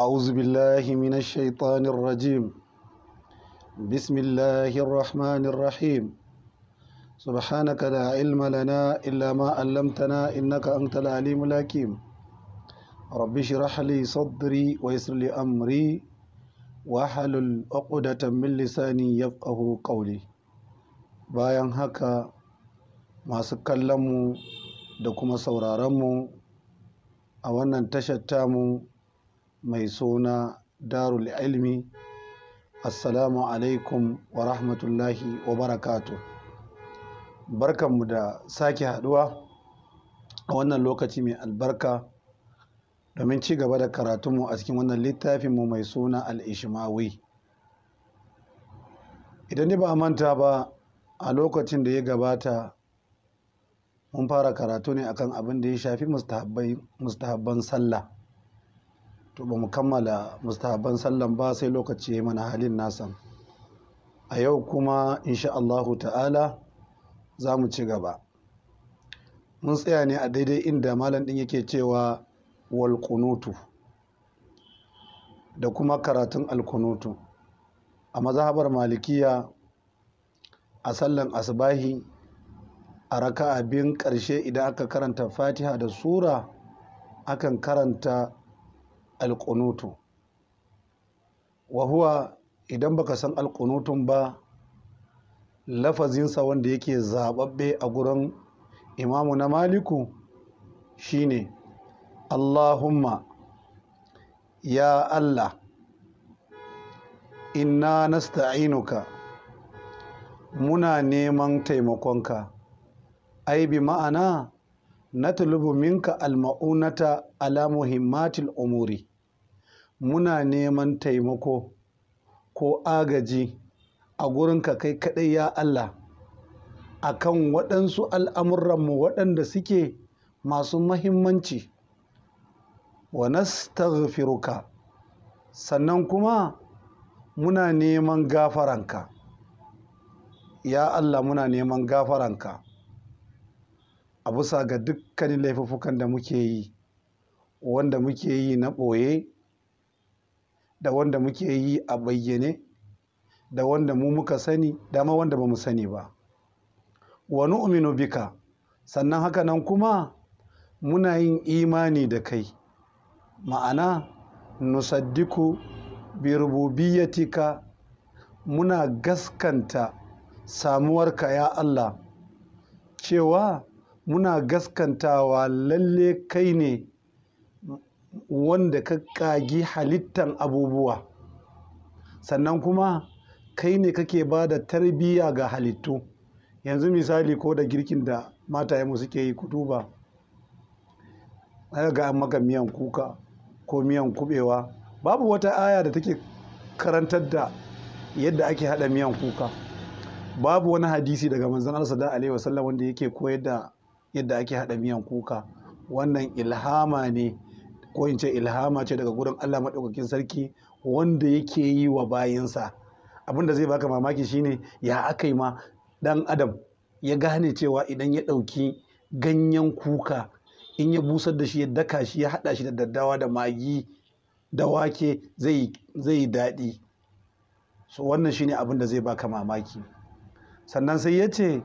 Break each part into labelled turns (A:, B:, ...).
A: أعوذ بالله من الشيطان الرجيم بسم الله الرحمن الرحيم سبحانك لا علم لنا إلا ما علمتنا إنك أنت العليم الحكيم رب اشرح لي صدري ويسر لي أمري واحلل عقدة من لساني يفقه قولي bayan haka masu kallonmu da kuma sauraronmu a wannan tashar tamu mai suna darul ilmi assalamu alaikum wa rahmatullahi wa barakatu barkanmu da sake haduwa a wannan lokaci mai albarka domin ci gaba da karatunmu a cikin wannan littafinmu mai suna al'ishimawi idan ni ba a manta ba a lokacin da ya gabata mun fara karatu ne akan abin da ya shafi mustahabban sallah to ba mu kammala mustahaban sallan ba sai lokaci ya mana halin nasan a yau kuma insha Allahu ta'ala za mu ci gaba mun tsaya ne a daidai inda malam ɗin yake cewa walƙunutu da kuma karatun alkunutu a mazhabar malikiya a sallan asbahi a raka abin ƙarshe idan aka karanta fatiha da sura akan karanta alƙunutu wahuwa idan baka san alƙunutun ba lafazinsa wanda yake zaɓaɓɓe a gurin imamu na maliku shine allahumma ya allah inna nasta'inuka muna neman taimakonka ai bi ma'ana natlubu minka alma'unata ala muhimmatil umuri muna neman taimako ko agaji a gurinka kai kaɗai ya Allah a kan waɗansu al'amuranmu waɗanda suke masu mahimmanci wa nastaghfiruka sannan kuma muna neman gafaranka ya Allah muna neman gafaranka a bisa ga dukkanin laifuffukan da muke yi wanda muke yi na ɓoye da wanda muke yi a bayyane da wanda mu muka sani dama wanda ba mu sani ba Wani umino bika sannan haka nan kuma muna yin imani da kai ma'ana nusaddiku bi rububiyyatika muna gaskanta samuwarka ya Allah cewa muna gaskantawa lalle kai ne wanda ka ƙagi halittan abubuwa sannan kuma kai ne kake ba da tarbiyya ga halittu yanzu misali ko da girkin da matayenmu suke yi ku duba ga an maka miyan kuka ko miyan kubewa babu wata aya da take karantar da yadda ake haɗa miyan kuka babu wani hadisi daga manzan Allah alaihi wasallam wanda yake koyar da yadda ake haɗa miyan kuka wannan ilhama ne ko in ce ilhama ce daga gurin Allah maɗaukakin sarki wanda yake yi wa bayinsa abin zai baka mamaki shine ya aka yi ma ɗan adam ya gane cewa idan ya ɗauki ganyen kuka in ya busar da shi ya daka shi ya haɗa shi da daddawa da magi da wake zai yi daɗi so wannan shine abin da zai baka mamaki sannan sai ya ce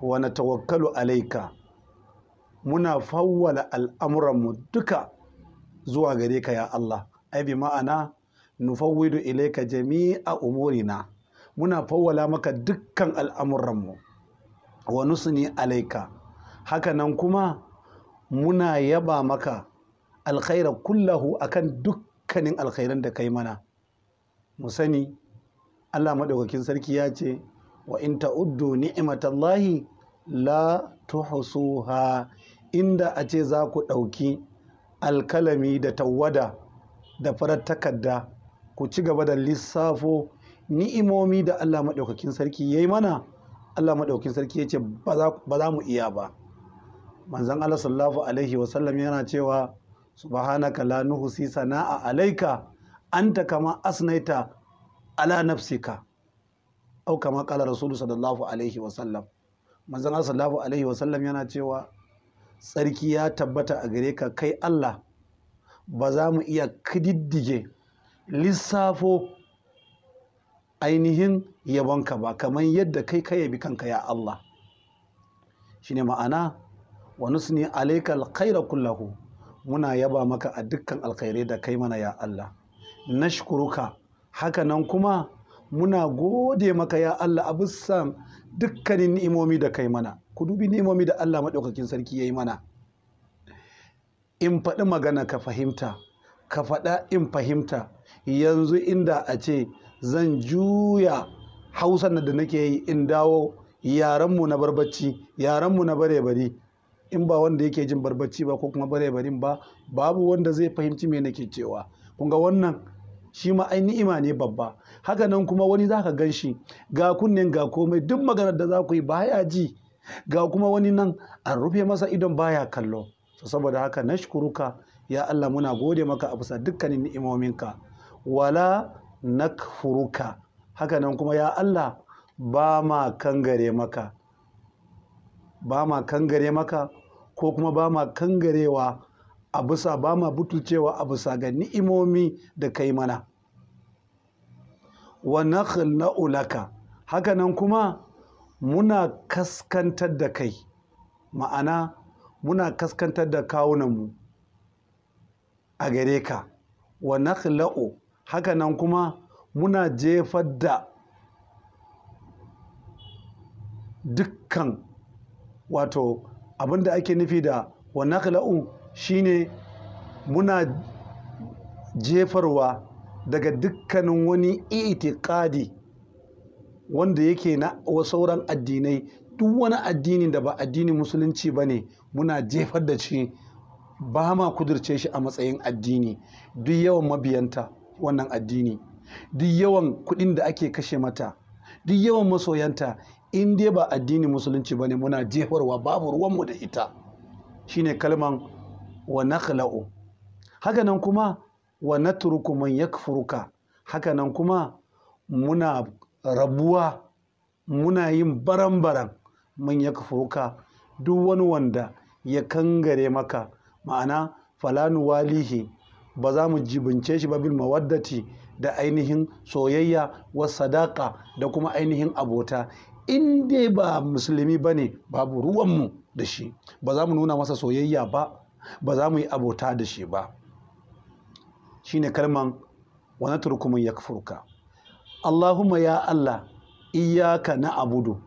A: wa na tawakkalu alaika muna fawwala al'amuranmu duka zuwa gare ka ya Allah ai bi ma'ana nufawwidu ilaika jami'a umurina muna fawwala maka dukkan al'amuranmu su ne alaika hakanan kuma muna yaba maka alkhaira kullahu akan dukkanin alkhairan da kai mana mu sani Allah maɗaukakin sarki ya ce wa in ta'uddu Allahi. la tuhsuha inda a ce za ku ɗauki alkalami da tawada da farar takarda ku ci gaba da lissafo ni'imomi da Allah maɗaukakin sarki ya yi mana Allah maɗaukakin sarki ya ce ba za mu iya ba manzan Allah sallallahu alaihi wasallam yana cewa subhanaka la si sana'a alaika anta kama asnaita ala nafsika au kama qala rasulullahi sallallahu alaihi wasallam manzon sallallahu alaihi wasallam yana cewa tsarki ya tabbata a gare ka kai Allah ba za mu iya kididdige lissafo ainihin yabonka ba kamar yadda kai ka yabi kanka ya Allah shine ma'ana wani su ne alaikal alkhaira kullahu muna yaba maka a dukkan alkhairai da kai mana ya Allah na haka hakanan kuma muna gode maka ya Allah a bisa dukkanin ni'imomi da kai mana ku dubi ni'imomi da Allah maɗaukakin sarki ya yi mana in faɗi magana ka fahimta ka faɗa in fahimta yanzu inda a ce zan juya hausan da nake yi in dawo yarenmu na barbacci yarenmu na bare-bari in ba wanda yake jin barbaci ba ko kuma bare-barin ba babu wanda zai fahimci me nake cewa kun ga wannan shi ma ai ni'ima ne babba haka nan kuma wani zaka gan shi ga kunnen ga komai duk maganar da za ku yi baya ji ga kuma wani nan an rufe masa idon baya kallo saboda haka nashkuruka ya Allah muna gode maka a bisa dukkanin ni'imominka wala nakfuruka haka nan kuma ya Allah ba ma kangare maka ba ma kangare maka ko kuma ba ma kangarewa a bisa ba ma butulcewa a bisa ga ni'imomi da kai mana wa nakhla'u Haka hakanan kuma muna kaskantar da kai ma'ana muna kaskantar da kawunanmu a gare ka wa nakhla'u hakanan kuma muna jefar da dukkan wato abinda ake nufi da wa nakhla'u shine muna jefarwa daga dukkanin wani itikadi wanda yake na sauran addinai duk wani addini da ba addinin musulunci ba ne muna jefar da shi ba ma kudirce shi a matsayin addini duk yawan mabiyanta wannan addini duk yawan kuɗin da ake kashe mata duk yawan masoyanta in dai ba addinin musulunci ba ne muna jefarwa babu ruwanmu da ita shine kalman wa nakhla'u haka nan kuma wa natruku man yakfuruka haka nan kuma muna rabuwa muna yin baran-baran man yakfuruka duk wani wanda ya kangare maka ma'ana falanu walihi ba za mu jibince shi ba mawaddati da ainihin soyayya wa sadaka da kuma ainihin abota in dai ba musulmi ba ne babu ruwanmu da shi ba za mu nuna masa soyayya ba ba za mu yi abota da shi ba Shi ne kalman wani turkumin ya furka. Allahumma ya Allah Iyaka na Abudu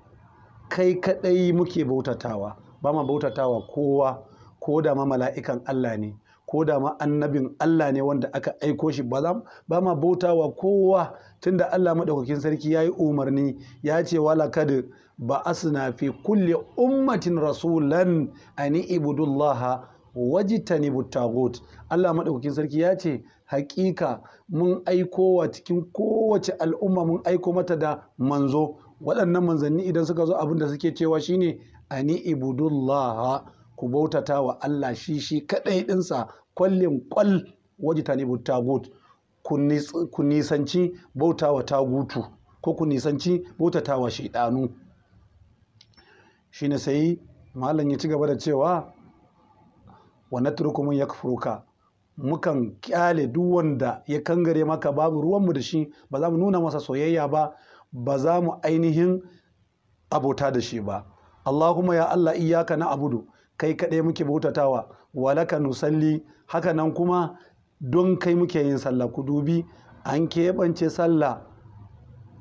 A: kai kaɗai muke bautatawa ba ma bautatawa kowa ko da ma mala'ikan Allah ne ko da ma annabin Allah ne wanda aka aiko shi ba ba ma bautawa kowa tunda Allah maɗaukakin sarki ya yi umarni ya ce wala kada ba asna fi kulle ummatin rasulan ani ibudullaha Waji ta ne buttagot Allah maɗaukakin sarki ya ce hakika mun aiko wa cikin kowace al'umma mun aiko mata da manzo waɗannan manzanni idan suka zo abin da suke cewa shine ani ibudullah ku bautata wa Allah shi shi kaɗai ɗinsa kwallin kwal Waji ne buttagot ku nisanci bautawa tagutu ko ku nisanci bautatawa shaidanu shine sai malam ya ci gaba da cewa wa natruku mun yakfuruka mukan kyale duk wanda ya kangare maka babu ruwanmu da shi ba za mu nuna masa soyayya ba ba za mu ainihin abota da shi ba Allahumma ya Allah iyaka na abudu kai kaɗai muke bautatawa walaka nusalli haka nan kuma don kai muke yin sallah ku dubi an keɓance sallah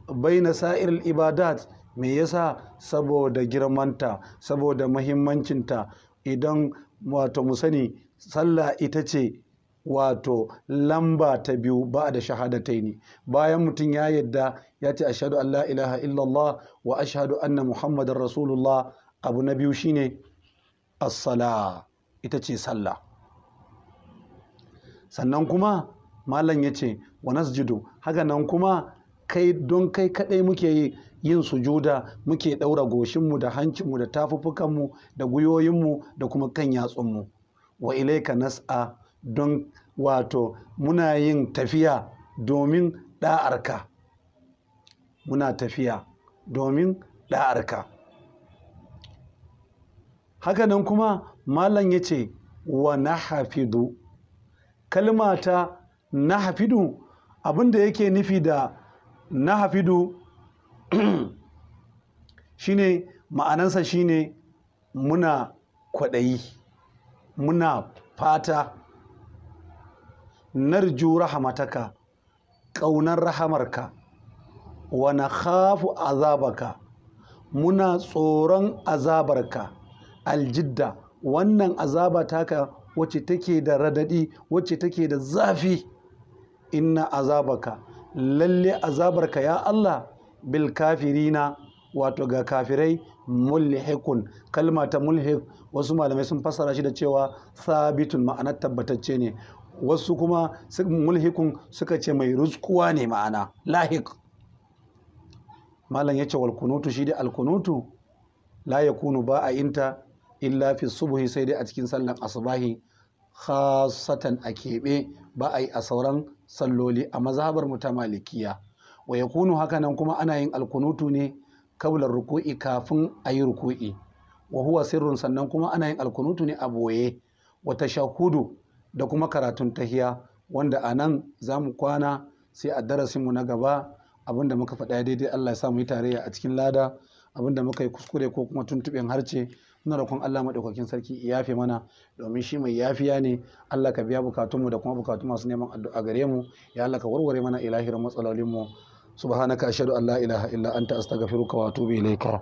A: baina sa'iril ibadat me yasa saboda girmanta saboda mahimmancinta idan wato mu sani sallah ita ce wato lamba ta biyu ba da shahadataini bayan mutum ya yadda ya ce ashadu an la ilaha illallah wa ashadu anna muhammadun rasulullah abu na biyu shine as-sala ita ce sallah sannan kuma malam ya ce wa nasjidu haka nan kuma kai don kai kadai muke yi yin sujuda muke ɗaura goshinmu da hancinmu da tafufukanmu, da gwiwoyinmu da kuma kan yatsunmu wa ilaika nas'a don wato muna yin tafiya domin ɗa'arka muna tafiya domin ɗa'arka hakanan kuma malam ya ce wa na hafidu kalma ta na hafidu abinda yake nufi da na hafidu shine ma'anansa shine muna kwaɗayi muna fata narju rahamataka ƙaunar rahamarka wana hafu azabaka muna tsoron azabarka aljidda wannan azaba taka wacce take da radadi wacce take da zafi inna azabaka lalle azabarka ya Allah bil kafirina wato ga kafirai mulhikun kalma ta mulhik wasu malamai sun fassara shi da cewa sabitun ma'anar tabbatacce ne wasu kuma mulhikun suka ce mai ruskuwa ne ma'ana lahik malam ya ce walkunutu shi dai alkunutu la ya kunu ba a inta illa fi subuhi sai dai a cikin sallan asubahi khasatan a keɓe ba a yi a sauran salloli a mazhabar mu ta malikiya wa yakunu nan kuma ana yin alkunutu ne kablar ruku'i kafin a yi ruku'i wa huwa sirrun sannan kuma ana yin alkunutu ne a boye wa tashahudu da kuma karatun tahiya wanda a nan za mu kwana sai a darasinmu na gaba abinda muka faɗa daidai Allah ya sa mu yi tarayya a cikin lada abinda muka yi kuskure ko kuma tuntuɓen harce muna roƙon Allah maɗaukakin sarki ya yafe mana domin shi mai yafiya ne Allah ka biya bukatunmu da kuma bukatun masu neman addu'a gare mu ya Allah ka warware mana ilahirin matsalolinmu subhanaka ashhadu an la ilaha illa anta astaghfiruka wa atubu ilayka